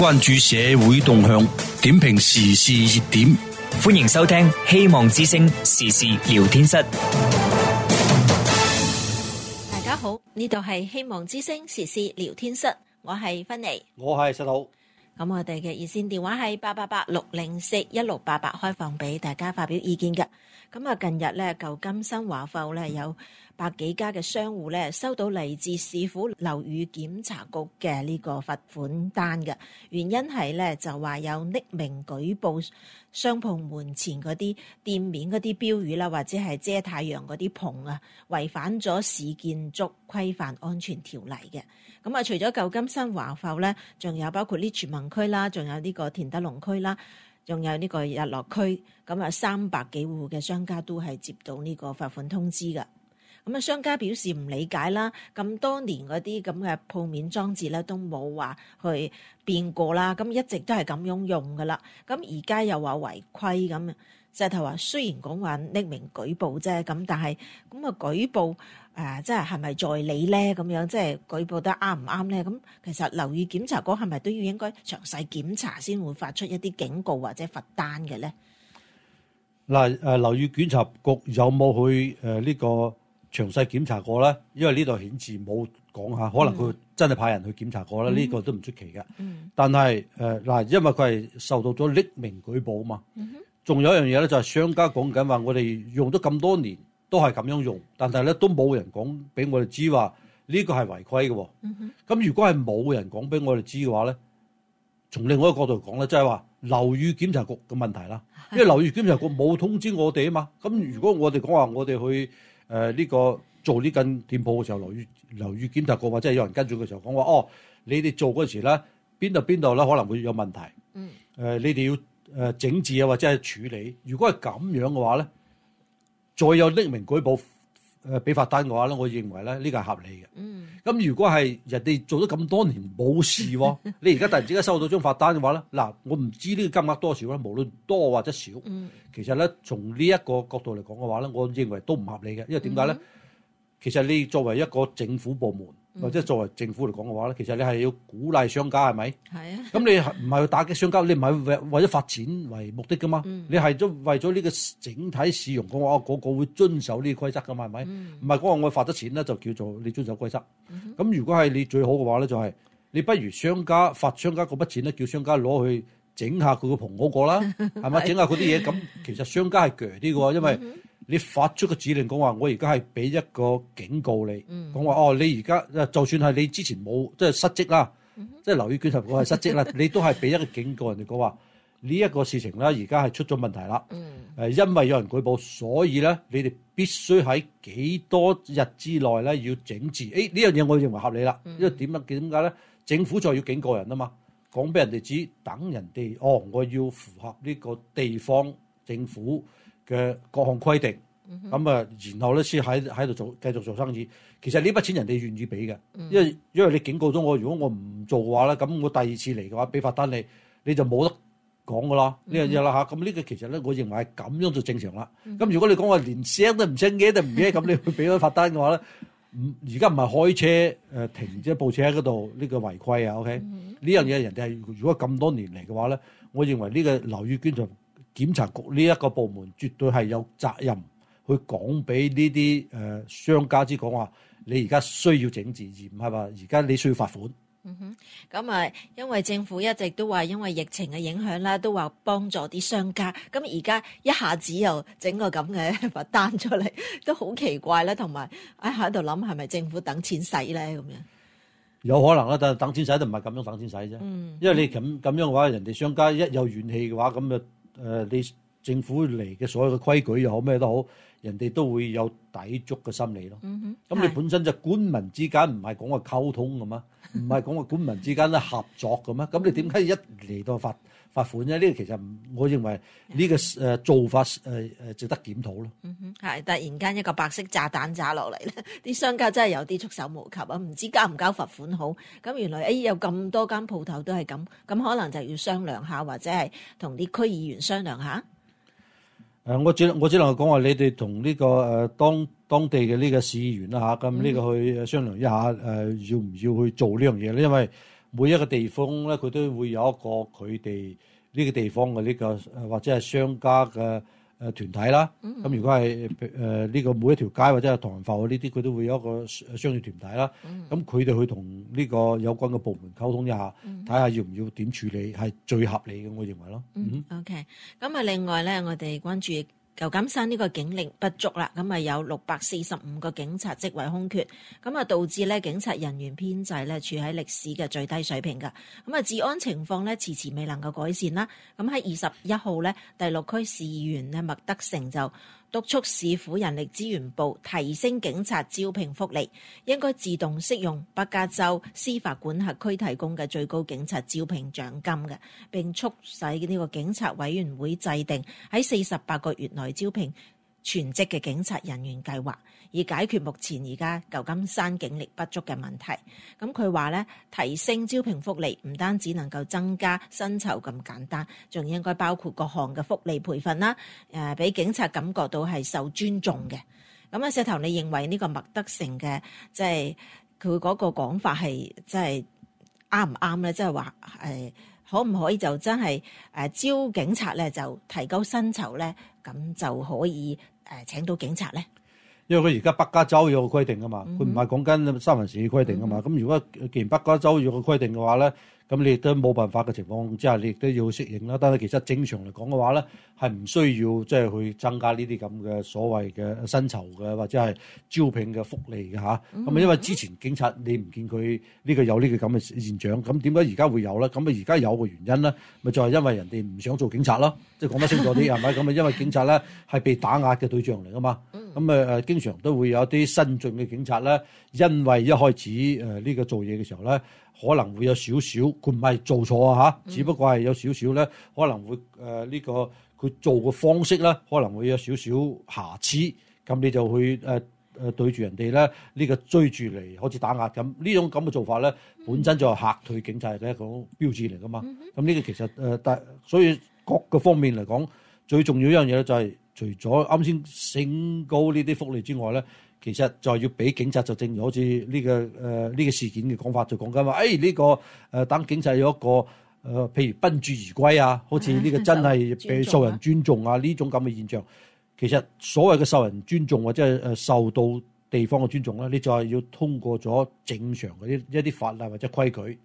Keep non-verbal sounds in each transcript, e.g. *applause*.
關注社會動向，點評時事熱點，歡迎收聽《希望之聲時事聊天室》。大家好，呢度係《希望之聲時事聊天室》，我係芬妮，我係細佬。咁我哋嘅熱線電話係八八八六零四一六八八，開放俾大家發表意見嘅。咁啊，近日咧，舊金山華埠咧有百幾家嘅商戶咧，收到嚟自市府樓宇檢查局嘅呢個罰款單嘅原因係咧，就話有匿名舉報商鋪門前嗰啲店面嗰啲標語啦，或者係遮太陽嗰啲棚啊，違反咗市建築規範安全條例嘅。咁啊，除咗舊金山華埠咧，仲有包括呢全民區啦，仲有呢個田德隆區啦。仲有呢個日落區，咁啊三百幾戶嘅商家都係接到呢個罰款通知嘅。咁啊，商家表示唔理解啦。咁多年嗰啲咁嘅鋪面裝置咧，都冇話去變過啦。咁一直都係咁樣用嘅啦。咁而家又話違規咁。就係佢話：雖然講話匿名舉報啫，咁但係咁啊舉報誒，即係係咪在理咧？咁樣即係舉報得啱唔啱咧？咁其實留意檢查局係咪都要應該詳細檢查先會發出一啲警告或者罰單嘅咧？嗱誒，留意檢查局有冇去誒呢個詳細檢查過咧？因為呢度顯示冇講下，可能佢真係派人去檢查過啦。呢個都唔出奇嘅。嗯，但係誒嗱，因為佢係受到咗匿名舉報啊嘛。嗯哼。仲有一樣嘢咧，就係商家講緊話，我哋用咗咁多年都係咁樣用，但係咧都冇人講俾我哋知話呢個係違規嘅。咁、嗯、如果係冇人講俾我哋知嘅話咧，從另外一個角度講咧，即係話樓宇檢查局嘅問題啦。因為樓宇檢查局冇通知我哋啊嘛。咁如果我哋講話我哋去誒呢、呃這個做呢間店鋪嘅時候，樓宇樓宇檢查局話，即、就、係、是、有人跟住嘅時候講話哦，你哋做嗰時咧邊度邊度咧可能會有問題。嗯，誒、呃、你哋要。誒、呃、整治啊，或者係處理。如果係咁樣嘅話咧，再有匿名舉報誒俾罰單嘅話咧，我認為咧呢個係合理嘅。嗯，咁如果係人哋做咗咁多年冇事喎， *laughs* 你而家突然之間收到張罰單嘅話咧，嗱，我唔知呢個金額多少咧。無論多或者少，嗯、其實咧從呢一個角度嚟講嘅話咧，我認為都唔合理嘅，因為點解咧？其實你作為一個政府部門。或者作為政府嚟講嘅話咧，其實你係要鼓勵商家係咪？係啊。咁你係唔係去打擊商家？你唔係為為咗罰錢為目的噶嘛、嗯？你係都為咗呢個整體市容嘅話，個、那個會遵守呢啲規則嘅嘛係咪？唔係嗰個我罰咗錢咧，就叫做你遵守規則。咁、嗯、如果係你最好嘅話咧、就是，就係你不如商家罰商家嗰筆錢咧，叫商家攞去整下佢、那個棚嗰個啦，係咪？整下佢啲嘢咁，其實商家係鋸啲嘅喎，因為。你發出個指令講話，我而家係俾一個警告你，講、嗯、話哦，你而家就算係你之前冇即係失職啦、嗯，即係劉宇軒同學係失職啦， *laughs* 你都係俾一個警告人哋講話呢一個事情咧，而家係出咗問題啦。誒、嗯，因為有人舉報，所以咧你哋必須喺幾多日之內咧要整治。誒、哎、呢樣嘢我認為合理啦、嗯，因為點乜點解咧？政府就要警告人啊嘛，講俾人哋知，等人哋哦，我要符合呢個地方政府嘅各項規定，咁啊，然後咧先喺喺度做繼續做生意。其實呢筆錢人哋願意俾嘅，因為因為你警告咗我，如果我唔做嘅話咧，咁我第二次嚟嘅話俾罰單你，你就冇得講嘅啦呢樣嘢啦嚇。咁呢個其實咧、嗯 *laughs* 這個 okay? 嗯，我認為係咁樣就正常啦。咁如果你講話連聲都唔聲嘅，都唔聲嘅，咁你俾咗罰單嘅話咧，唔而家唔係開車誒停咗部車喺嗰度呢個違規啊。OK 呢樣嘢人哋係如果咁多年嚟嘅話咧，我認為呢個劉宇娟就。檢查局呢一個部門絕對係有責任去講俾呢啲誒商家之講話，你而家需要整治，而唔係話而家你需要罰款。嗯哼，咁、嗯、啊、嗯，因為政府一直都話因為疫情嘅影響啦，都話幫助啲商家。咁而家一下子又整個咁嘅罰單出嚟，都好奇怪啦。同埋喺喺度諗係咪政府等錢使咧咁樣？有可能啦，但等錢使都唔係咁樣等錢使啫。嗯，因為你咁咁樣嘅話，嗯、人哋商家一有怨氣嘅話，咁就。誒、呃，你政府嚟嘅所有嘅規矩又好咩都好，人哋都會有抵觸嘅心理咯。咁、嗯、你本身就係官民之間唔係講個溝通㗎嘛，唔係講個官民之間咧合作㗎嘛。咁你點解一嚟到發？罰款咧，呢個其實唔，我認為呢個誒做法誒誒值得檢討咯。嗯哼，係突然間一個白色炸彈炸落嚟咧，啲商家真係有啲措手無及啊！唔知交唔交罰款好？咁原來誒、哎、有咁多間鋪頭都係咁，咁可能就要商量下，或者係同啲區議員商量下。誒，我只我只能講話你哋同呢個誒當當地嘅呢個市議員啦嚇，咁呢個去商量一下誒、嗯，要唔要去做呢樣嘢咧？因為每一個地方咧，佢都會有一個佢哋呢個地方嘅呢、呢個，或者係商家嘅誒團體啦。咁、嗯嗯、如果係誒呢個每一條街或者係唐人埠呢啲，佢都會有一個商業團體啦。咁佢哋去同呢個有關嘅部門溝通一下，睇、嗯、下、嗯、要唔要點處理係最合理嘅，我認為咯。嗯，嗯，OK。咁啊，另外咧，我哋關注。舊金山呢個警力不足啦，咁啊有六百四十五個警察職位空缺，咁啊導致咧警察人員編制咧處喺歷史嘅最低水平噶，咁啊治安情況咧遲遲未能夠改善啦。咁喺二十一號咧，第六區市議員咧麥德誠就。督促市府人力資源部提升警察招聘福利，應該自動適用北加州司法管轄區提供嘅最高警察招聘獎金嘅，並促使呢個警察委員會制定喺四十八個月內招聘全職嘅警察人員計劃，以解決目前而家舊金山警力不足嘅問題。咁佢話咧，提升招聘福利唔單止能夠增加薪酬咁簡單，仲應該包括各項嘅福利培訓啦。誒、呃，俾警察感覺到係受尊重嘅。咁啊，石頭，你認為呢個麥德誠嘅即係佢嗰個講法係即係啱唔啱咧？即係話誒，可唔可以就真係誒招警察咧，就提高薪酬咧，咁就可以誒、呃、請到警察咧？因為佢而家北加州有個規定噶嘛，佢唔係講緊三藩市規定噶嘛，咁如果既然北加州有個規定嘅話咧。咁你都冇辦法嘅情況之下，你亦都要適應啦。但係其實正常嚟講嘅話咧，係唔需要即係去增加呢啲咁嘅所謂嘅薪酬嘅，或者係招聘嘅福利嘅吓，咁、嗯、啊，因為之前警察你唔見佢呢個有呢個咁嘅現象，咁點解而家會有咧？咁啊，而家有個原因咧，咪就係、是、因為人哋唔想做警察咯，即、就、係、是、講得清楚啲係咪？咁 *laughs* 啊，因為警察咧係被打壓嘅對象嚟噶嘛。咁啊經常都會有一啲新進嘅警察咧，因為一開始呢個做嘢嘅時候咧。可能會有少少，佢唔係做錯啊嚇，只不過係有少少咧，可能會誒呢、呃這個佢做嘅方式咧，可能會有少少瑕疵，咁你就去誒誒對住人哋咧，呢、這個追住嚟開始打壓咁，呢種咁嘅做法咧，本身就係嚇退警察嘅一個標誌嚟噶嘛。咁呢個其實誒，但、呃、所以各個方面嚟講，最重要一樣嘢咧，就係除咗啱先升高呢啲福利之外咧。其實就係要俾警察，就正如好似呢、這個誒呢、呃這個事件嘅講法就說，就講緊話，誒、這、呢個誒、呃、等警察有一個誒、呃，譬如賓至如歸啊，好似呢個真係俾受人尊重啊呢種咁嘅現象。其實所謂嘅受人尊重或者誒受到地方嘅尊重咧，你就係要通過咗正常嘅一啲法例或者規矩，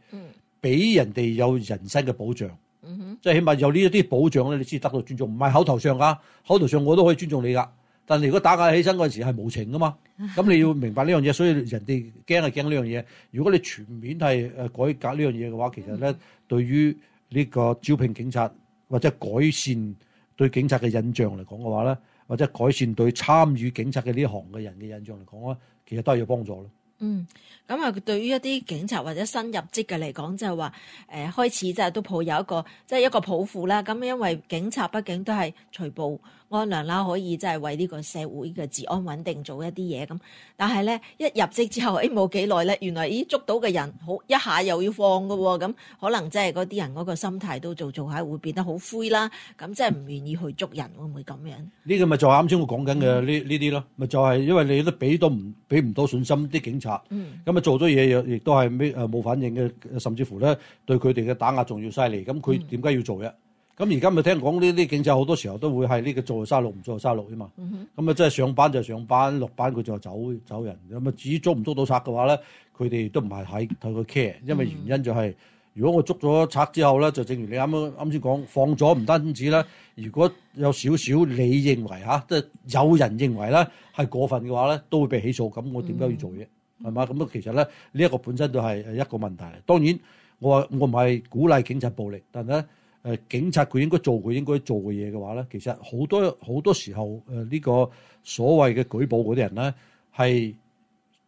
俾人哋有人身嘅保障，即、嗯、係、就是、起碼有呢一啲保障咧，你先得到尊重，唔係口頭上噶，口頭上我都可以尊重你噶。但係如果打架起身嗰時係無情㗎嘛，咁你要明白呢樣嘢，所以人哋驚係驚呢樣嘢。如果你全面係誒改革呢樣嘢嘅話，其實咧對於呢個招聘警察或者改善對警察嘅印象嚟講嘅話咧，或者改善對參與警察嘅呢行嘅人嘅印象嚟講咧，其實都係有幫助咯。嗯，咁啊，對於一啲警察或者新入職嘅嚟講，就係話誒開始就係都抱有一個即係、即係、一個抱負啦。咁因為警察畢竟都係巡捕。可能啦，可以真係為呢個社會嘅治安穩定做一啲嘢咁，但係咧一入職之後，哎冇幾耐咧，原來咦捉到嘅人好一下又要放嘅喎，咁可能真係嗰啲人嗰個心態都做做下會變得好灰啦，咁真係唔願意去捉人，會唔會咁樣？呢個咪就啱先我講緊嘅呢呢啲咯，咪就係因為你都俾到唔俾唔到信心啲警察，咁咪做咗嘢亦都係咩誒冇反應嘅，甚至乎咧對佢哋嘅打壓仲要犀利，咁佢點解要做嘅？咁而家咪聽講呢啲警察好多時候都會係呢個做沙碌唔做沙碌啊嘛。咁、嗯、啊，即係上班就上班，落班佢就走走人。咁啊，至於捉唔捉到賊嘅話咧，佢哋都唔係喺太過 care，因為原因就係、是嗯、如果我捉咗賊之後咧，就正如你啱啱啱先講放咗唔單止啦。如果有少少你認為嚇，即係有人認為咧係過分嘅話咧，都會被起訴。咁我點解要做嘢係嘛？咁、嗯、啊，其實咧呢一個本身都係一個問題。當然我我唔係鼓勵警察暴力，但係咧。誒警察佢應該做佢應該做嘅嘢嘅話咧，其實好多好多時候誒呢、呃這個所謂嘅舉報嗰啲人咧，係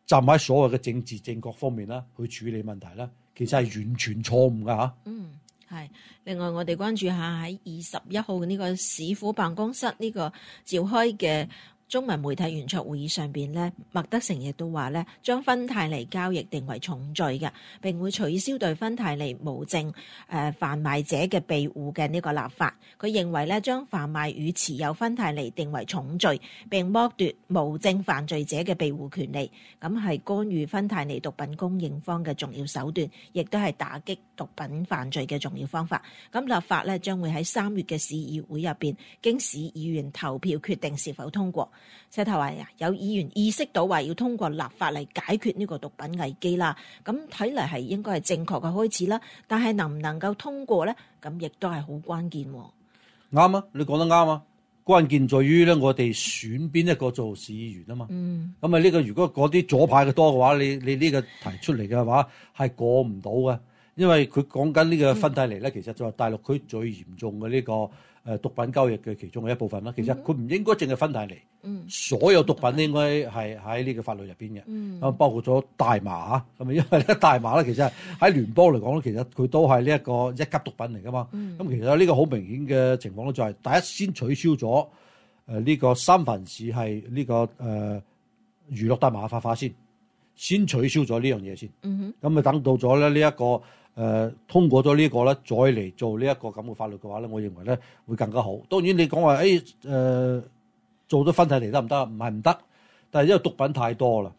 站喺所謂嘅政治正確方面啦，去處理問題啦，其實係完全錯誤㗎吓。嗯，係。另外我哋關注下喺二十一號嘅呢個市府辦公室呢個召開嘅。中文媒體圓桌會議上邊呢，麥德誠亦都話咧，將芬太尼交易定為重罪嘅，並會取消對芬太尼無證誒販、呃、賣者嘅庇護嘅呢個立法。佢認為咧，將販賣與持有芬太尼定為重罪，並剝奪無證犯罪者嘅庇護權利，咁係干預芬太尼毒品供應方嘅重要手段，亦都係打擊毒品犯罪嘅重要方法。咁立法咧將會喺三月嘅市議會入邊經市議員投票決定是否通過。石頭話呀，有議員意識到話要通過立法嚟解決呢個毒品危機啦。咁睇嚟係應該係正確嘅開始啦。但係能唔能夠通過咧？咁亦都係好關鍵，哦。啱啊，你講得啱啊。關鍵在於咧，我哋選邊一個做市議員啊嘛。嗯。咁啊、呢個，呢個如果嗰啲左派嘅多嘅話，你你呢個提出嚟嘅話係過唔到嘅，因為佢講緊呢個芬太尼咧，其實就係大陸區最嚴重嘅呢、呢個。誒毒品交易嘅其中嘅一部分啦，其實佢唔應該淨係分大釐、嗯，所有毒品應該係喺呢個法律入邊嘅，咁、嗯、包括咗大麻嚇，咁啊因為咧大麻咧其實喺聯 *laughs* 邦嚟講咧，其實佢都係呢一個一級毒品嚟㗎嘛，咁、嗯、其實呢個好明顯嘅情況咧就係、是、第一先取消咗誒呢個三藩市、這個，係呢個誒娛樂大麻合法化先，先取消咗呢樣嘢先，咁、嗯、啊等到咗咧呢一個。誒、呃、通過咗呢、呢個咧，再嚟做呢一個咁嘅法律嘅話咧，我認為咧會更加好。當然你講話誒誒做咗分體嚟得唔得？唔係唔得，但係因為毒品太多啦，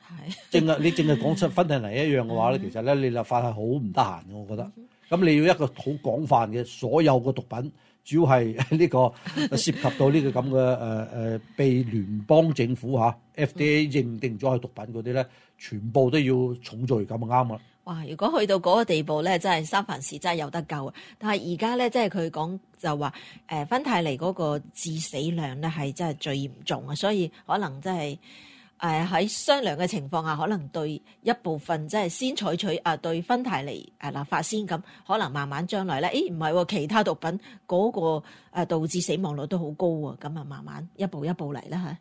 正啊！你正係講出分體嚟一樣嘅話咧， *laughs* 其實咧你立法係好唔得閒嘅，我覺得。咁你要一個好廣泛嘅所有嘅毒品，主要係呢、呢個涉及到呢個咁嘅誒誒被聯邦政府嚇、啊、FDA 認定咗係毒品嗰啲咧，全部都要重罪咁啊啱啦。哇！如果去到嗰個地步咧，真係三藩市真係有得救啊！但係而家咧，即係佢講就話誒芬太尼嗰個致死量咧係真係最嚴重啊，所以可能真係誒喺商量嘅情況下，可能對一部分即係先採取啊對芬太尼誒立法先咁，可能慢慢將來咧，咦、哎，唔係、哦、其他毒品嗰個誒導致死亡率都好高咁、哦、啊慢慢一步一步嚟啦嚇。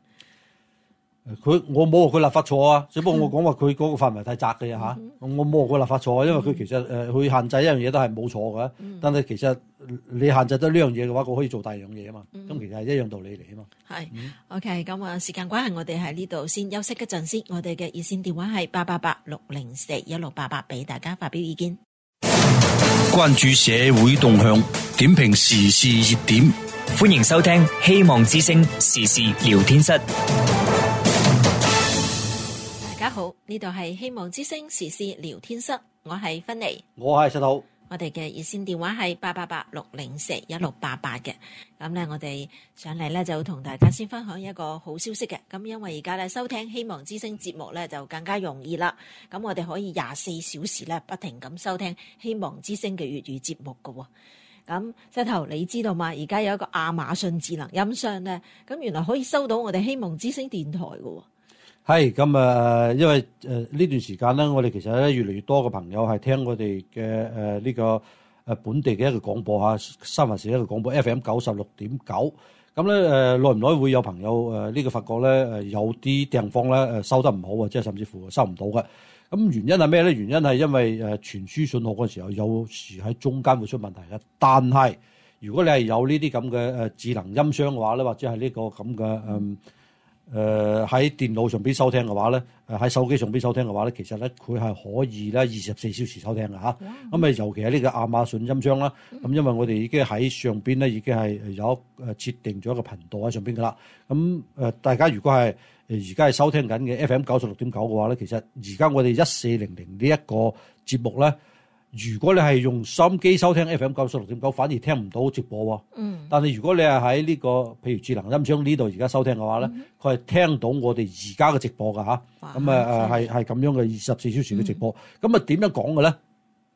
佢我冇話佢立法錯啊，只不過我講話佢嗰個範圍太窄嘅吓、啊。我冇話佢立法錯，因為佢其實誒去、嗯呃、限制一樣嘢都係冇錯嘅。但係其實你限制得呢樣嘢嘅話，佢可以做第二樣嘢啊嘛。咁、嗯、其實係一樣道理嚟啊嘛。係、嗯，OK，咁啊，時間關係，我哋喺呢度先休息一陣先。我哋嘅熱線電話係八八八六零四一六八八，俾大家發表意見。關注社會動向，點評時事熱點，歡迎收聽《希望之聲》時事聊天室。大家好，呢度係希望之聲時事聊天室，我係芬妮，我係石頭。我哋嘅熱線電話係八八八六零四一六八八嘅。咁咧，我哋上嚟咧就同大家先分享一個好消息嘅。咁因為而家咧收聽希望之聲節目咧就更加容易啦。咁我哋可以廿四小時咧不停咁收聽希望之聲嘅粵語節目嘅。咁石頭，你知道嘛？而家有一個亞馬遜智能音箱咧，咁原來可以收到我哋希望之聲電台嘅。係咁啊！因為誒呢段時間咧，我哋其實咧越嚟越多嘅朋友係聽我哋嘅誒呢個誒本地嘅一個廣播吓，新聞市一個廣播 FM 九十六點九。咁咧誒，耐唔耐會有朋友誒呢、這個發覺咧誒有啲地方咧誒收得唔好啊，即係甚至乎收唔到嘅。咁原因係咩咧？原因係因，因為誒傳輸信號嘅時候有時喺中間會出問題嘅。但係如果你係有呢啲咁嘅誒智能音箱嘅話咧，或者係呢個咁嘅誒。嗯誒喺電腦上邊收聽嘅話咧，誒喺手機上邊收聽嘅話咧，其實咧佢係可以咧二十四小時收聽㗎吓。咁誒尤其係呢個亞馬遜音箱啦，咁因為我哋已經喺上邊咧已經係有誒設定咗一個頻道喺上邊噶啦。咁誒大家如果係誒而家係收聽緊嘅 FM 九十六點九嘅話咧，其實而家我哋一四零零呢一個節目咧。如果你係用收音機收聽 FM 九十六點九，反而聽唔到直播喎。嗯。但係如果你係喺呢個，譬如智能音箱呢度而家收聽嘅話咧，佢係聽到我哋而家嘅直播㗎吓。咁誒誒係係咁樣嘅二十四小時嘅直播。咁啊點樣講嘅咧？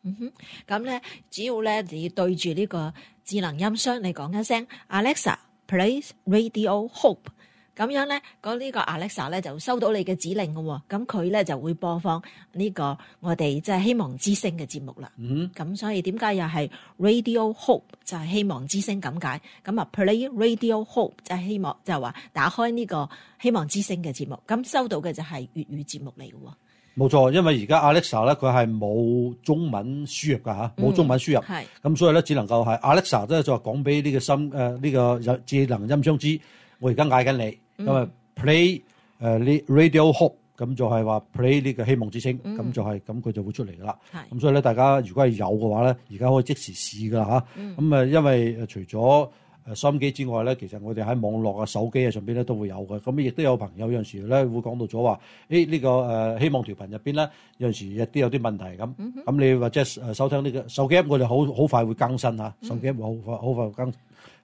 嗯哼，咁咧主要咧你要對住呢個智能音箱，你講一聲 Alexa，Play Radio Hope。咁樣咧，嗰、這、呢個 Alexa 咧就收到你嘅指令嘅，咁佢咧就會播放呢、這個我哋即係希望之聲嘅節目啦。咁、mm -hmm. 所以點解又係 Radio Hope 就係希望之聲咁解？咁啊 Play Radio Hope 就係希望，就係、是、話打開呢個希望之聲嘅節目。咁收到嘅就係粵語節目嚟嘅喎。冇錯，因為而家 Alexa 咧，佢係冇中文輸入嘅吓，冇、mm -hmm. 中文輸入。係，咁所以咧只能夠係 Alexa 即係就講俾呢個森誒呢個智能音箱知，我而家嗌緊你。咁、嗯、啊，play 呢、uh, radio Hope 咁就係話 play 呢個希望之星，咁、嗯嗯、就係咁佢就會出嚟噶啦。咁所以咧，大家如果係有嘅話咧，而家可以即時試噶嚇。咁、嗯、啊，因為除咗，誒收音機之外咧，其實我哋喺網絡啊、手機啊上邊咧都會有嘅。咁亦都有朋友有陣時咧會講到咗話，誒、哎、呢、這個誒、呃、希望調頻入邊咧有陣時一啲有啲問題咁。咁、嗯、你或者誒收聽呢、這個手機 app，我哋好好快會更新吓，手機 app 好快好快會更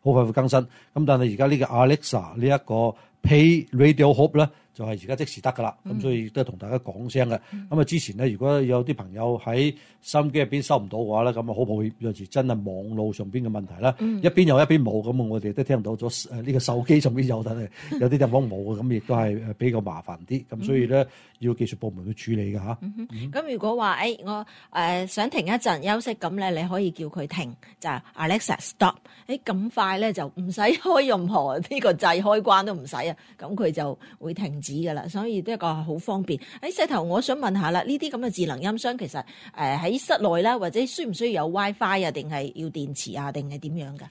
好快會更新。咁、啊、但係而家呢個 Alexa 呢一個 Pay Radio Hub 咧。就係而家即時得噶啦，咁、嗯、所以都同大家講聲嘅。咁、嗯、啊，之前咧如果有啲朋友喺收音機入邊收唔到嘅話咧，咁啊好抱歉，有時真係網路上邊嘅問題啦、嗯。一邊有，一邊冇，咁我哋都聽到咗誒呢個手機上邊有得， *laughs* 有啲地方冇嘅，咁亦都係比較麻煩啲。咁所以咧要技術部門去處理嘅嚇。咁、嗯嗯、如果話誒、欸、我誒、呃、想停一陣休息，咁咧你可以叫佢停，就係、是、Alexa stop。誒、欸、咁快咧就唔使開任何呢、這個掣開關都唔使啊，咁佢就會停止。止噶啦，所以都係一個好方便。喺細頭，我想問下啦，呢啲咁嘅智能音箱其實誒喺室內啦，或者需唔需要有 WiFi 啊，定係要電池啊，定係點樣㗎？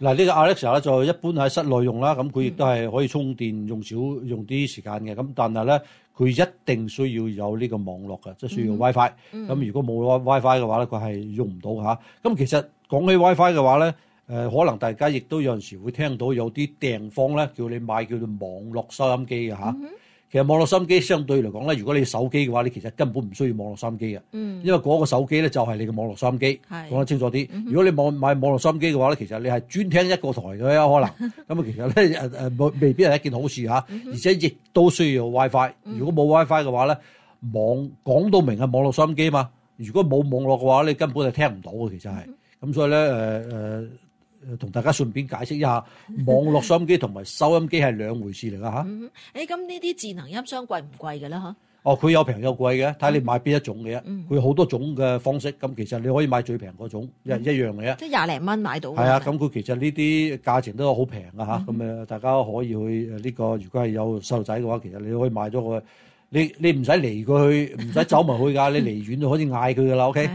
嗱，呢個 Alexa 咧就一般喺室內用啦，咁佢亦都係可以充電用少用啲時間嘅。咁但係咧，佢一定需要有呢個網絡嘅，即係需要有 WiFi。咁如果冇 WiFi 嘅話咧，佢係用唔到吓。咁其實講起 WiFi 嘅話咧，誒可能大家亦都有陣時會聽到有啲訂方咧叫你買叫做網絡收音機嘅吓。其實網絡收音機相對嚟講咧，如果你手機嘅話，你其實根本唔需要網絡收音機嘅，因為嗰個手機咧就係你嘅網絡收音機。講得清楚啲，如果你買網絡收音機嘅話咧，其實你係專聽一個台嘅可能，咁啊其實咧誒誒，未必係一件好事吓，而且亦都需要有 WiFi。如果冇 WiFi 嘅話咧，網講到明係網絡收音機嘛，如果冇網絡嘅話，你根本係聽唔到嘅。其實係咁，所以咧誒誒。誒，同大家順便解釋一下，網絡收音機同埋收音機係兩回事嚟㗎嚇。誒，咁呢啲智能音箱貴唔貴㗎咧？嚇？哦，佢有平有貴嘅，睇你買邊一種嘅啫。佢好多種嘅方式，咁其實你可以買最平嗰種，一一樣嘅啫。即係廿零蚊買到。係啊，咁佢其實呢啲價錢都好平㗎嚇。咁誒，大家可以去呢個，如果係有細路仔嘅話，其實你可以買咗佢，你你唔使離過去，唔使走埋去㗎，你離遠就可以嗌佢㗎啦。OK。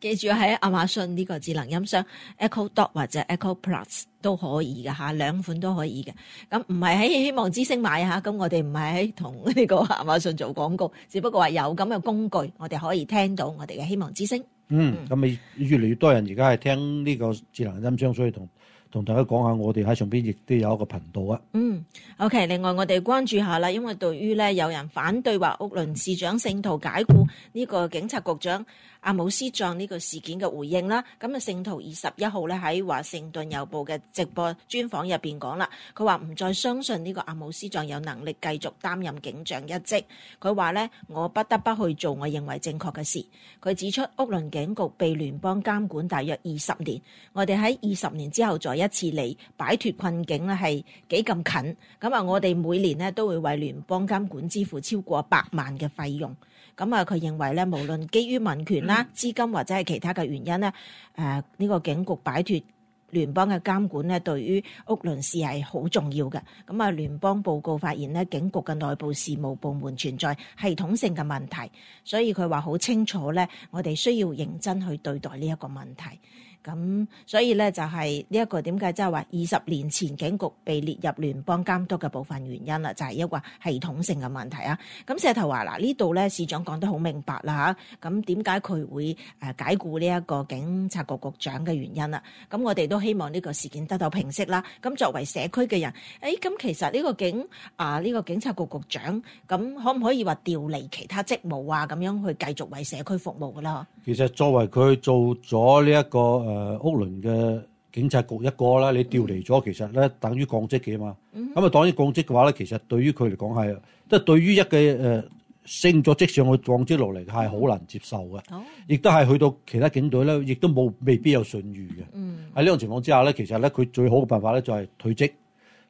記住喺亞馬遜呢個智能音箱 Echo Dot 或者 Echo Plus 都可以嘅吓，兩款都可以嘅。咁唔係喺希望之聲買吓，咁我哋唔係喺同呢個亞馬遜做廣告，只不過話有咁嘅工具，我哋可以聽到我哋嘅希望之聲。嗯，咁越嚟越多人而家係聽呢個智能音箱，所以同同大家講下，我哋喺上邊亦都有一個頻道啊。嗯，OK。另外我哋關注下啦，因為對於咧有人反對話屋倫市長聖徒解雇呢個警察局長。阿姆斯壯呢個事件嘅回應啦，咁啊聖徒二十一號咧喺華盛頓郵報嘅直播專訪入邊講啦，佢話唔再相信呢個阿姆斯壯有能力繼續擔任警長一職。佢話咧，我不得不去做我認為正確嘅事。佢指出屋輪警局被聯邦監管大約二十年，我哋喺二十年之後再一次嚟擺脱困境咧係幾咁近。咁啊，我哋每年呢都會為聯邦監管支付超過百萬嘅費用。咁啊，佢認為咧，無論基於民權啦、資金或者係其他嘅原因咧，誒，呢個警局擺脱。聯邦嘅監管咧，對於屋崙市係好重要嘅。咁啊，聯邦報告發現咧，警局嘅內部事務部門存在系統性嘅問題，所以佢話好清楚咧，我哋需要認真去對待呢一個問題。咁所以咧，就係呢一個點解即係話二十年前警局被列入聯邦監督嘅部分原因啦，就係一個系統性嘅問題啊。咁石頭話嗱，呢度咧，市長講得好明白啦嚇。咁點解佢會誒解僱呢一個警察局局長嘅原因啦？咁我哋都。希望呢個事件得到平息啦。咁作為社區嘅人，誒，咁其實呢個警啊，呢個警察局局長，咁可唔可以話調離其他職務啊？咁樣去繼續為社區服務噶啦？其實作為佢做咗呢一個誒屋崙嘅警察局一個啦，你調離咗，其實咧等於降職嘅嘛。咁啊，當然降職嘅話咧，其實對於佢嚟講係，即係對於一個誒。升咗即上去降職落嚟係好難接受嘅，oh. 亦都係去到其他警隊咧，亦都冇未必有信譽嘅。喺呢種情況之下咧，其實咧佢最好嘅辦法咧就係退職，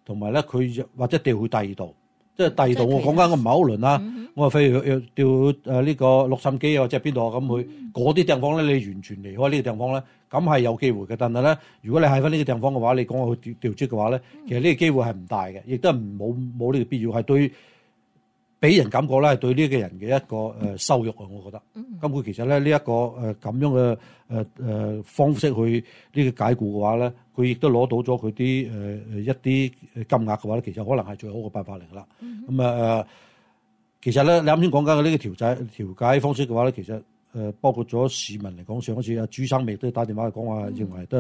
同埋咧佢或者調去第二度，即係第二度我講緊嘅唔係歐輪啦。我話譬如調呢個洛杉機啊，或者係邊度啊咁去嗰啲、mm. 地方咧，你完全離開呢個地方咧，咁係有機會嘅。但係咧，如果你喺翻呢個地方嘅話，你講我去調調職嘅話咧，其實呢個機會係唔大嘅，亦都冇冇呢個必要係對。俾人感覺咧，對呢個人嘅一個誒羞辱啊，我覺得。咁、嗯、佢、嗯、其實咧，呢、這、一個誒咁、呃、樣嘅誒誒方式去呢個解雇嘅話咧，佢亦都攞到咗佢啲誒誒一啲金額嘅話咧，其實可能係最好嘅辦法嚟噶啦。咁、嗯、啊、嗯呃，其實咧你啱先講緊嘅呢個調解調解方式嘅話咧，其實。誒包括咗市民嚟講，上一次阿朱生未都打電話嚟講話，認為都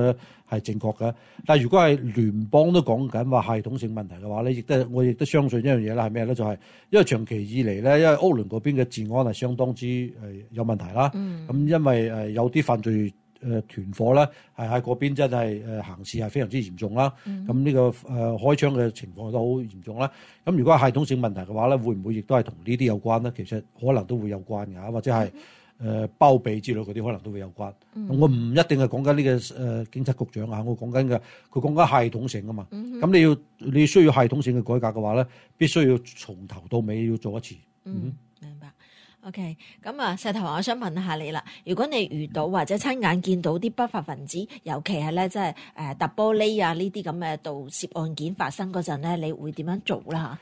係正確嘅。但係如果係聯邦都講緊話系統性問題嘅話咧，亦都我亦都相信一樣嘢啦，係咩咧？就係、是、因為長期以嚟咧，因為屋崙嗰邊嘅治安係相當之誒有問題啦。咁、嗯、因為誒有啲犯罪誒團伙咧係喺嗰邊真係誒行事係非常之嚴重啦。咁、嗯、呢、這個誒開槍嘅情況都好嚴重啦。咁如果系統性問題嘅話咧，會唔會亦都係同呢啲有關咧？其實可能都會有關嘅啊，或者係。誒、呃、包庇之類嗰啲可能都會有關、嗯，我唔一定係講緊呢個誒、呃、警察局長啊，我講緊嘅佢講緊系統性啊嘛，咁、嗯、你要你需要系統性嘅改革嘅話咧，必須要從頭到尾要做一次。嗯，嗯，明白。OK，咁啊，石頭，我想問下你啦，如果你遇到或者親眼見到啲不法分子，嗯、尤其係咧，即係誒砸玻璃啊呢啲咁嘅盜竊案件發生嗰陣咧，你會點樣做啦？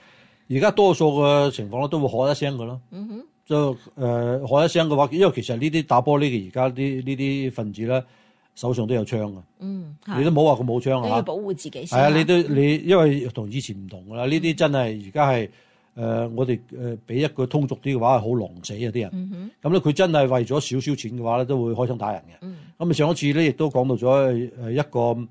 嚇！而家多數嘅情況咧，都會呵一聲嘅咯。嗯哼。就誒喊、呃、一聲嘅話，因為其實呢啲打玻璃呢啲而家啲呢啲分子咧，手上都有槍啊。嗯，你都冇話佢冇槍啊！保護自己先、啊。係啊，你都你、嗯、因為同以前唔同啦。呢啲真係而家係誒我哋誒俾一句通俗啲嘅話係好狼死啊！啲人咁咧，佢真係為咗少少錢嘅話咧，都會開槍打人嘅。咁、嗯、上一次咧亦都講到咗誒一個誒、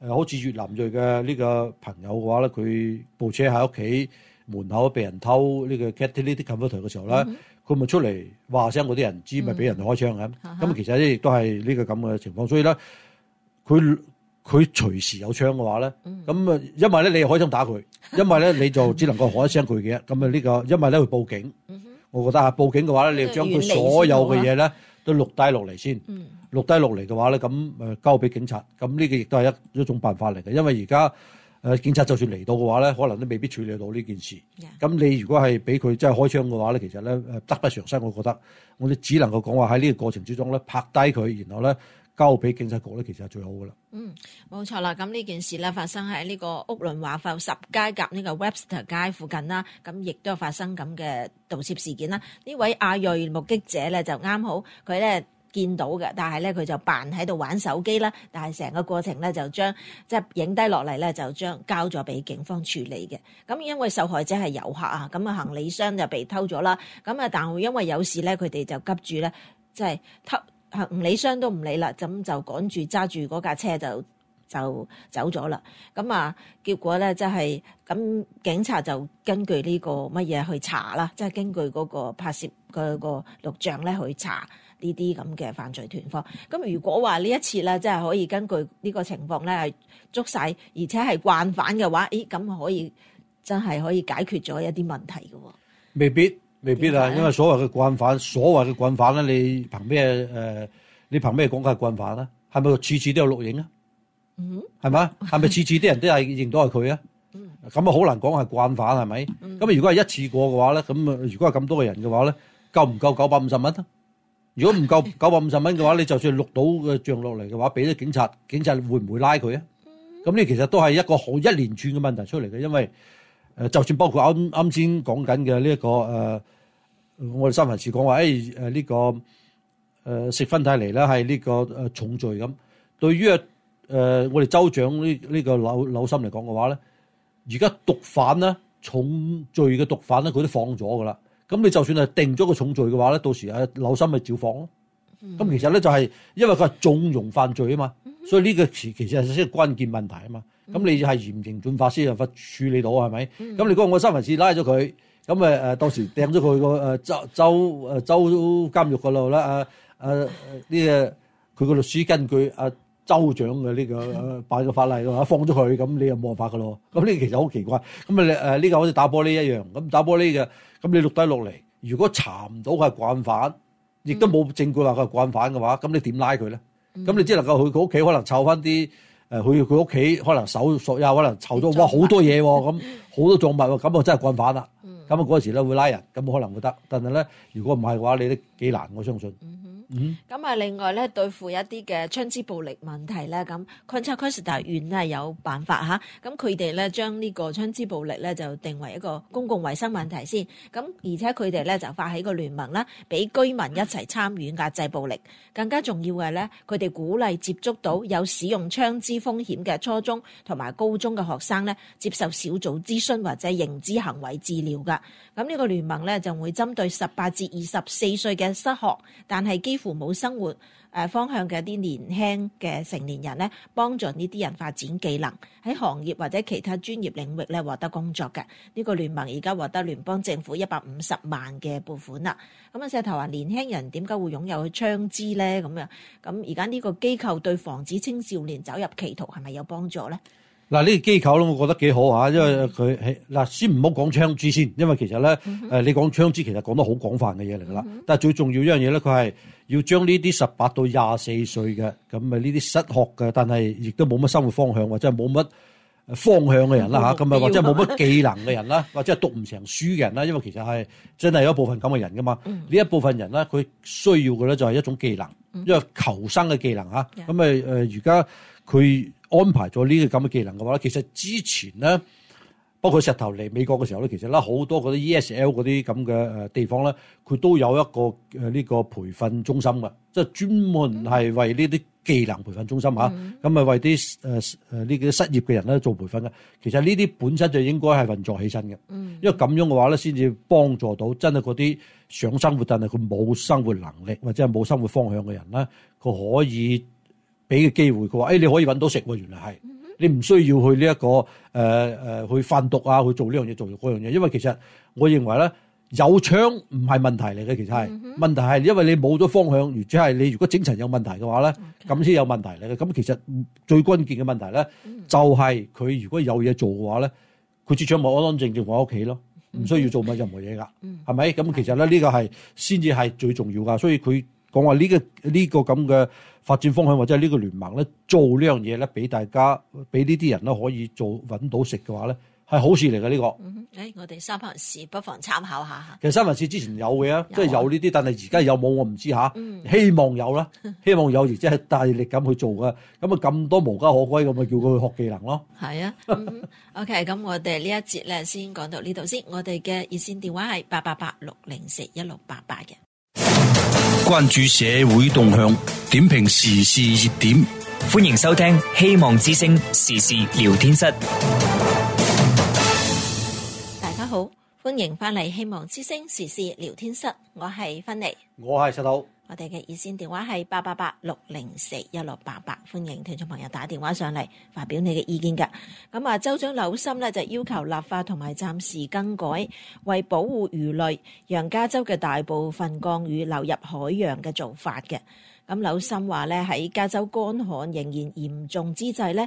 呃、好似越南裔嘅呢個朋友嘅話咧，佢部車喺屋企門口被人偷呢個 catalytic converter 嘅時候咧。嗯佢咪出嚟話聲嗰啲人知，咪俾、就是、人開槍嘅。咁、嗯嗯、其實咧亦都係呢個咁嘅情況，所以咧，佢佢隨時有槍嘅話咧，咁、嗯、啊，因為咧你開槍打佢、嗯，因為咧你就只能夠開一聲佢嘅，咁啊呢個因為咧佢報警、嗯，我覺得啊報警嘅話咧、嗯，你要將佢所有嘅嘢咧都錄低落嚟先，錄低落嚟嘅話咧，咁誒交俾警察，咁呢個亦都係一一種辦法嚟嘅，因為而家。誒警察就算嚟到嘅話咧，可能都未必處理到呢件事。咁、yeah. 你如果係俾佢真係開槍嘅話咧，其實咧誒得不償失。我覺得,得我哋只能夠講話喺呢個過程之中咧拍低佢，然後咧交俾警察局咧，其實係最好嘅啦。嗯，冇錯啦。咁呢件事咧發生喺呢個屋崙華埠十街夾呢個 Webster 街附近啦。咁亦都有發生咁嘅盜竊事件啦。呢位阿瑞目擊者咧就啱好佢咧。他呢見到嘅，但係咧佢就扮喺度玩手機啦。但係成個過程咧就將即係影低落嚟咧，就，是、就將交咗俾警方處理嘅。咁因為受害者係遊客啊，咁啊行李箱就被偷咗啦。咁啊，但係因為有事咧，佢哋就急住咧，即係偷行李箱都唔理啦，咁就趕住揸住嗰架車就就走咗啦。咁啊，結果咧即係咁，警察就根據呢個乜嘢去查啦，即、就、係、是、根據嗰個拍攝嗰個錄像咧去查。呢啲咁嘅犯罪團夥，咁如果話呢一次咧，真係可以根據呢個情況咧係捉晒，而且係慣犯嘅話，誒咁可以真係可以解決咗一啲問題嘅。未必未必啊，因為所謂嘅慣犯，所謂嘅慣犯咧，你憑咩誒？你憑咩講佢係慣犯咧？係咪次次都有錄影啊？嗯，係咪？係咪次次啲人都係認到係佢啊？咁啊好難講係慣犯係咪？咁如果係一次過嘅話咧，咁啊如果係咁多個人嘅話咧，夠唔夠九百五十蚊啊？如果唔夠九百五十蚊嘅話，你就算錄到嘅賬落嚟嘅話，俾啲警察，警察會唔會拉佢啊？咁呢，這其實都係一個好一連串嘅問題出嚟嘅，因為誒，就算包括啱啱先講緊嘅呢一個誒、呃，我哋三藩市講話誒誒呢個誒、呃、食芬太尼啦，係呢個誒重罪咁。對於誒、呃、我哋州長呢、這、呢個紐紐、這個、森嚟講嘅話咧，而家毒犯咧重罪嘅毒犯咧，佢都放咗噶啦。咁你就算係定咗個重罪嘅話咧，到時阿紐森咪照放咯。咁其實咧就係因為佢係縱容犯罪啊嘛，所以呢個詞其實先係關鍵問題啊嘛。咁你係嚴刑峻法先係法處理到係咪？咁你如我三文治拉咗佢，咁誒誒，到時掟咗佢個誒州州誒州監獄嗰度啦啊啊啲誒，佢個律師根據啊。州長嘅呢、呢個辦個法例咯，放咗佢，咁你又冇辦法噶咯。咁呢其實好奇怪。咁啊誒呢個好似打玻璃一樣，咁打玻璃嘅，咁你錄低落嚟，如果查唔到佢係慣犯，亦都冇證據話佢係慣犯嘅話，咁你點拉佢咧？咁、嗯、你只能夠去佢屋企，可能湊翻啲誒，去佢屋企可能搜索又可能湊咗哇好多嘢喎，咁好多藏物喎，咁啊真係慣犯啦。咁啊嗰陣時咧會拉人，咁可能會得，但係咧如果唔係嘅話，你都幾難，我相信。嗯嗯，咁啊，另外咧，對付一啲嘅槍支暴力問題咧，咁昆查昆士大院係有辦法吓，咁佢哋咧將呢個槍支暴力咧就定為一個公共衛生問題先，咁而且佢哋咧就發起個聯盟啦，俾居民一齊參與壓制暴力。更加重要嘅係咧，佢哋鼓勵接觸到有使用槍支風險嘅初中同埋高中嘅學生咧，接受小組諮詢或者認知行為治療噶。咁呢個聯盟咧就會針對十八至二十四歲嘅失學，但係似乎冇生活方向嘅一啲年輕嘅成年人咧，幫助呢啲人發展技能，喺行業或者其他專業領域咧獲得工作嘅。呢個聯盟而家獲得聯邦政府一百五十萬嘅撥款啦。咁啊，石頭話年輕人點解會擁有槍支咧？咁樣，咁而家呢個機構對防止青少年走入歧途係咪有幫助咧？.嗱，呢個機構咧，我覺得幾好吓。因為佢係嗱，先唔好講槍支先，因為其實咧、嗯、你講槍支其實講得好廣泛嘅嘢嚟噶啦。但係最重要一樣嘢咧，佢係要將呢啲十八到廿四歲嘅，咁啊，呢啲失學嘅，但係亦都冇乜生活方向或者係冇乜方向嘅人啦吓，咁啊或者冇乜技能嘅人啦，或者係 *laughs* 讀唔成書嘅人啦，因為其實係真係有一部分咁嘅人噶嘛。呢、嗯、一部分人咧，佢需要嘅咧就係一種技能，嗯、因為求生嘅技能吓，咁、嗯、啊而家佢。安排咗呢啲咁嘅技能嘅話，其實之前咧，包括石頭嚟美國嘅時候咧，其實咧好多嗰啲 ESL 嗰啲咁嘅誒地方咧，佢都有一個誒呢個培訓中心嘅，即係專門係為呢啲技能培訓中心嚇，咁、嗯、咪、啊、為啲誒誒呢啲失業嘅人咧做培訓嘅。其實呢啲本身就應該係運作起身嘅、嗯，因為咁樣嘅話咧，先至幫助到真係嗰啲想生活但係佢冇生活能力或者係冇生活方向嘅人咧，佢可以。俾嘅機會，佢話、哎，你可以搵到食喎，原來係你唔需要去呢、這、一個誒、呃、去販毒啊，去做呢樣嘢，做嗰樣嘢。因為其實我認為咧，有槍唔係問題嚟嘅，其實係問題係因為你冇咗方向，而且係你如果整齊有問題嘅話咧，咁、okay. 先有問題嚟嘅。咁其實最關鍵嘅問題咧、就是，就係佢如果有嘢做嘅話咧，佢支槍冇安安靜靜喺屋企咯，唔需要做乜任何嘢噶，係、mm. 咪？咁其實咧呢個係先至係最重要噶，所以佢。講話呢個呢個咁嘅發展方向或者係呢個聯盟咧，做呢樣嘢咧，俾大家俾呢啲人咧可以做揾到食嘅話咧，係好事嚟嘅呢個。誒，我哋三藩市不妨參考下吓。其實三藩市之前有嘅，即係有呢啲，但係而家有冇我唔知吓。希望有啦，希望有而且係大力咁去做噶。咁啊咁多無家可歸，咁咪叫佢學技能咯。係啊，OK，咁我哋呢一節咧先講到呢度先。我哋嘅熱線電話係八八八六零四一六八八嘅。關注社會動向，點評時事熱點，歡迎收聽《希望之聲時事聊天室》。大家好，歡迎翻嚟《希望之聲時事聊天室》，我係芬妮，我係石導。我哋嘅熱線電話係八八八六零四一六八八，歡迎聽眾朋友打電話上嚟發表你嘅意見噶。咁啊，州長紐森呢就要求立法同埋暫時更改，為保護魚類，讓加州嘅大部分降雨流入海洋嘅做法嘅。咁紐森話咧喺加州乾旱仍然嚴重之際呢。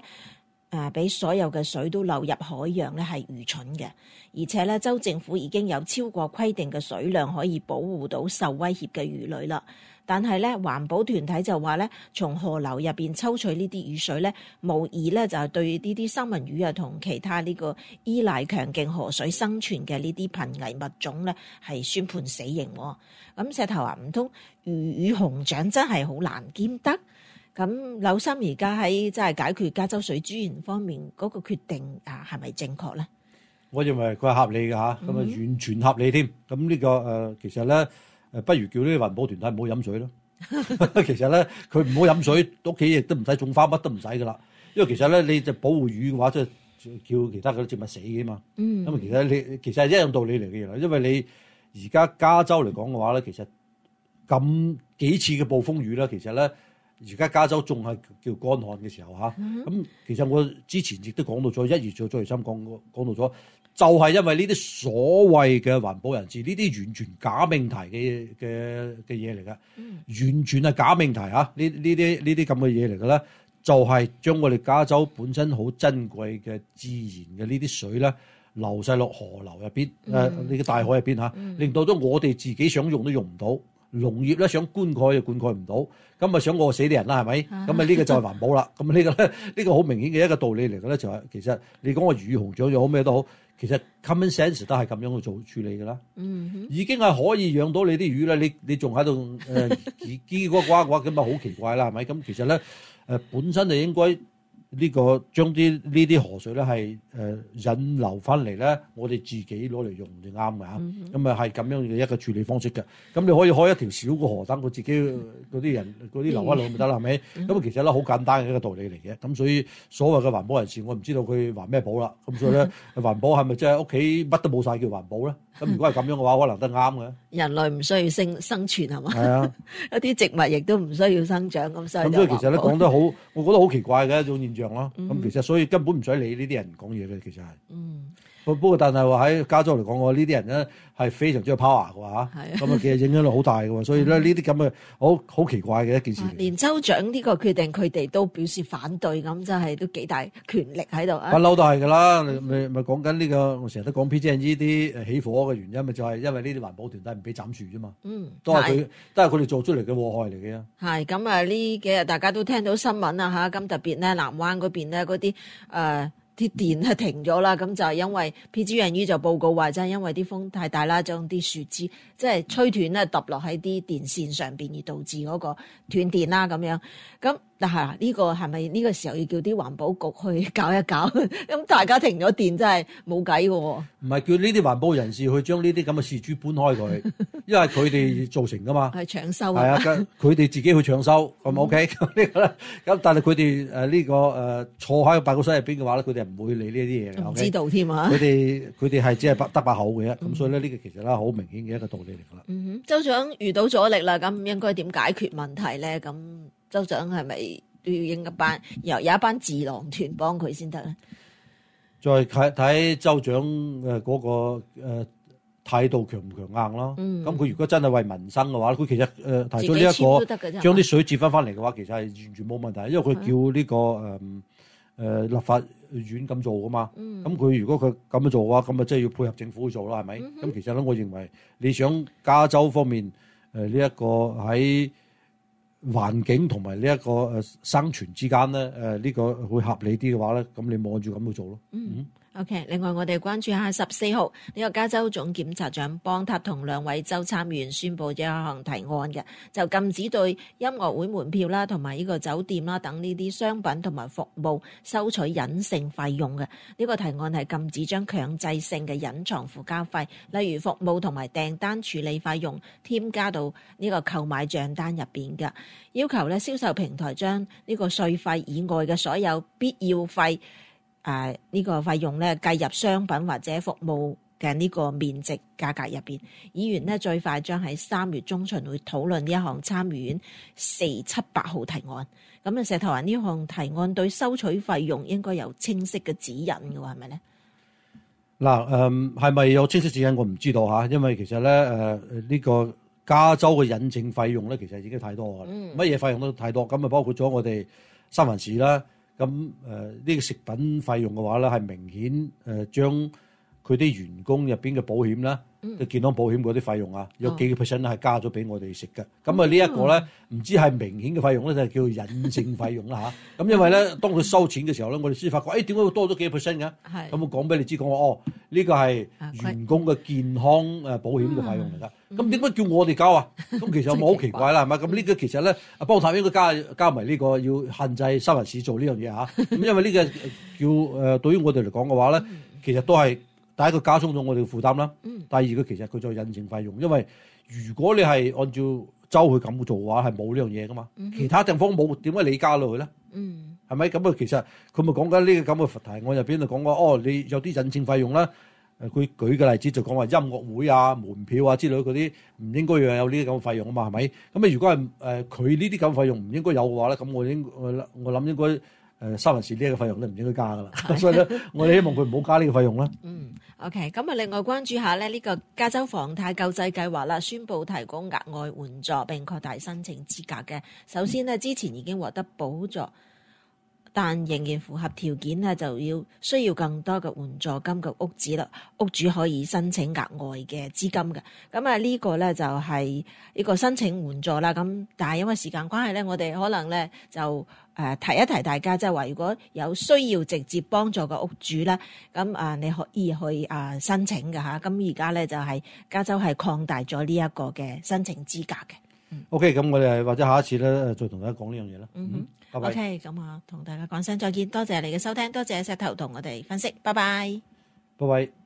誒，俾所有嘅水都流入海洋咧，係愚蠢嘅。而且咧，州政府已經有超過規定嘅水量可以保護到受威脅嘅魚類啦。但係咧，環保團體就話咧，從河流入面抽取呢啲雨水咧，無疑咧就係對呢啲三文魚啊同其他呢個依賴強勁河水生存嘅呢啲瀕危物種咧，係宣判死刑。咁石頭啊，唔通魚與熊掌真係好難兼得？咁，柳森而家喺即係解決加州水資源方面嗰、那個決定啊，係咪正確咧？我認為佢係合理㗎，嚇咁啊，完全合理添。咁呢、這個誒、呃，其實咧誒，不如叫呢啲環保團體唔好飲水咯。 *laughs* 其實咧，佢唔好飲水，屋企亦都唔使種花，乜都唔使㗎啦。因為其實咧，你就保護魚嘅話，就是、叫其他嗰啲植物死嘅嘛。嗯，因其實你其實係一樣道理嚟嘅啦。因為你而家加州嚟講嘅話咧，其實咁幾次嘅暴風雨咧，其實咧。而家加州仲係叫乾旱嘅時候吓，咁、嗯、其實我之前亦都講到咗，一而再、再而三講講到咗，就係、是、因為呢啲所謂嘅環保人士，呢啲完全假命題嘅嘅嘅嘢嚟嘅，完全係假命題吓，呢呢啲呢啲咁嘅嘢嚟嘅咧，就係、是、將我哋加州本身好珍貴嘅自然嘅呢啲水咧，流晒落河流入邊，誒、嗯，呢、呃、個大海入邊吓，令到咗我哋自己想用都用唔到。農業咧想灌溉就灌溉唔到，咁啊想餓死啲人啦，係咪？咁啊呢個就係環保啦。咁呢、呢個呢呢、呢個好明顯嘅一個道理嚟嘅咧，就係其實你講個魚鴻長又好咩都好，其實 common sense 都係咁樣去做處理㗎啦。嗯，已經係可以養到你啲魚啦，你你仲喺度誒嘰嘰呱呱咁啊好奇怪啦，係咪？咁其實咧誒、呃、本身就應該。呢個將啲呢啲河水咧係誒引流翻嚟咧，我哋自己攞嚟用就啱㗎吓。咁啊係咁樣嘅一個處理方式嘅。咁你可以開一條小嘅河，等佢自己嗰啲人嗰啲流翻落咪得啦，係咪？咁啊其實咧好簡單嘅一個道理嚟嘅。咁所以所謂嘅環保人士，我唔知道佢環咩保啦。咁所以咧環保係咪即係屋企乜都冇曬叫環保咧？咁如果係咁樣嘅話，可能得啱嘅。人類唔需要生生存係嘛？係啊，一啲植物亦都唔需要生長咁。所以其實咧講得好，我覺得好奇怪嘅一種現。樣、嗯、咯，咁其實，所以根本唔使理呢啲人講嘢嘅，其實係。嗯不過，但係話喺加州嚟講，我呢啲人咧係非常中意 power 嘅嚇，咁啊其實影響力好大嘅喎，所以咧呢啲咁嘅好好奇怪嘅一件事。連州長呢個決定，佢哋都表示反對，咁真係都幾大權力喺度啊！不嬲都係㗎啦，咪咪講緊呢個，我成日都講 PG&E 呢啲起火嘅原因咪就係、是、因為呢啲環保團體唔俾斬住啫嘛。嗯，都係佢，都係佢哋做出嚟嘅禍害嚟嘅。係咁啊！呢幾日大家都聽到新聞啦吓，咁特別咧南灣嗰邊咧嗰啲誒。呃啲電係停咗啦，咁就係因為 P.G. 人於就報告話，真係因為啲風太大啦，將啲樹枝即係吹斷咧，揼落喺啲電線上邊，而導致嗰個斷電啦，咁樣咁。但係呢個係咪呢個時候要叫啲環保局去搞一搞？咁大家停咗電真係冇計嘅喎。唔係叫呢啲環保人士去將呢啲咁嘅事主搬開佢，因為佢哋造成噶嘛。係 *laughs* 搶、啊、搶收。係、嗯 OK? *laughs* 這個、啊，佢哋自己去搶收係咪 OK？呢個咧咁，但係佢哋誒呢個誒坐喺個辦公室入邊嘅話咧，佢哋唔會理呢啲嘢嘅。唔知道添啊！佢哋佢哋係只係得把口嘅啫。咁所以咧，呢個其實咧好明顯嘅一個道理嚟嘅啦。嗯哼，州長遇到阻力啦，咁應該點解決問題咧？咁州長係咪都要應一班？然後有一班智囊團幫佢先得咧。再睇睇州長誒嗰個誒態度強唔強硬咯。咁、嗯、佢如果真係為民生嘅話，佢其實誒提出呢、這、一個將啲水接翻翻嚟嘅話是，其實係完全冇問題。因為佢叫呢、這個誒誒、呃、立法院咁做噶嘛。咁、嗯、佢如果佢咁樣做嘅話，咁啊即係要配合政府去做啦，係咪？咁、嗯、其實咧，我認為你想加州方面誒呢一個喺。環境同埋呢一個誒生存之間咧，誒、這、呢個會合理啲嘅話咧，咁你望住咁去做咯。嗯。嗯。OK，另外我哋關注下十四號呢個加州總檢察長邦塔同兩位州參議員宣佈咗一項提案嘅，就禁止對音樂會門票啦同埋呢個酒店啦等呢啲商品同埋服務收取隱性費用嘅。呢個提案係禁止將強制性嘅隱藏附加費，例如服務同埋訂單處理費用，添加到呢個購買賬單入邊嘅，要求咧銷售平台將呢個稅費以外嘅所有必要費。誒、啊，這個、費呢個費用咧計入商品或者服務嘅呢個面值價格入邊。議員咧最快將喺三月中旬會討論呢一項參議院四七八號提案。咁、嗯、啊，石頭人呢項提案對收取費用應該有清晰嘅指引嘅喎，係咪咧？嗱、嗯，誒，係咪有清晰指引？我唔知道吓，因為其實咧，誒、呃、呢、這個加州嘅引證費用咧，其實已經太多嘅喇，乜嘢費用都太多。咁啊，包括咗我哋三藩市啦。咁誒呢個食品費用嘅話咧，係明顯誒將佢啲員工入邊嘅保險啦。健康保險嗰啲費用啊，有幾個 percent 係加咗俾我哋食嘅。咁啊呢一個咧，唔知係明顯嘅費用咧，就係叫隱性費用啦嚇。咁因為咧，當佢收錢嘅時候咧，我哋先發覺，誒點解會多咗幾個 percent 嘅？咁我講俾你知講話，哦，呢、這個係員工嘅健康誒保險嘅費用嚟㗎。咁點解叫我哋交啊？咁、嗯、其實我好奇怪啦，係 *laughs* 咪？咁呢個其實咧，阿 Bob 探應該加加埋呢、這個，要限制三藩市做呢樣嘢嚇。因為呢個叫誒，對於我哋嚟講嘅話咧、嗯，其實都係。第一個加重咗我哋嘅負擔啦，第二個其實佢就係引證費用，因為如果你係按照州去咁做嘅話，係冇呢樣嘢噶嘛，其他地方冇點解你加落去咧？係咪咁啊？其實佢咪講緊呢個咁嘅題，我入邊就講過哦，你有啲引證費用啦，誒佢舉嘅例子就講話音樂會啊、門票啊之類嗰啲唔應該要有呢啲咁嘅費用啊嘛，係咪？咁啊，如果係誒佢呢啲咁費用唔應該有嘅、呃、話咧，咁我應我我諗應該。我誒，三藩市呢個費用都唔應該加㗎喇，所以咧，我哋希望佢唔好加呢個費用啦、 *laughs* 嗯。嗯，OK，咁啊，另外關注下咧呢個加州房貸救濟計劃啦，宣布提供額外援助並擴大申請資格嘅。首先咧，之前已經獲得補助。但仍然符合條件咧，就要需要更多嘅援助金嘅屋主啦，屋主可以申請額外嘅資金嘅。咁啊，呢個咧就係呢個申請援助啦。咁但係因為時間關係咧，我哋可能咧就誒提一提大家，即係話如果有需要直接幫助嘅屋主咧，咁啊你可以去啊申請嘅吓。咁而家咧就係加州係擴大咗呢一個嘅申請資格嘅。嗯，OK，咁我哋或者下一次咧再同大家講呢樣嘢啦。嗯哼。Bye bye. OK，咁我同大家講聲再見，多謝你嘅收聽，多謝石頭同我哋分析，拜拜，拜拜。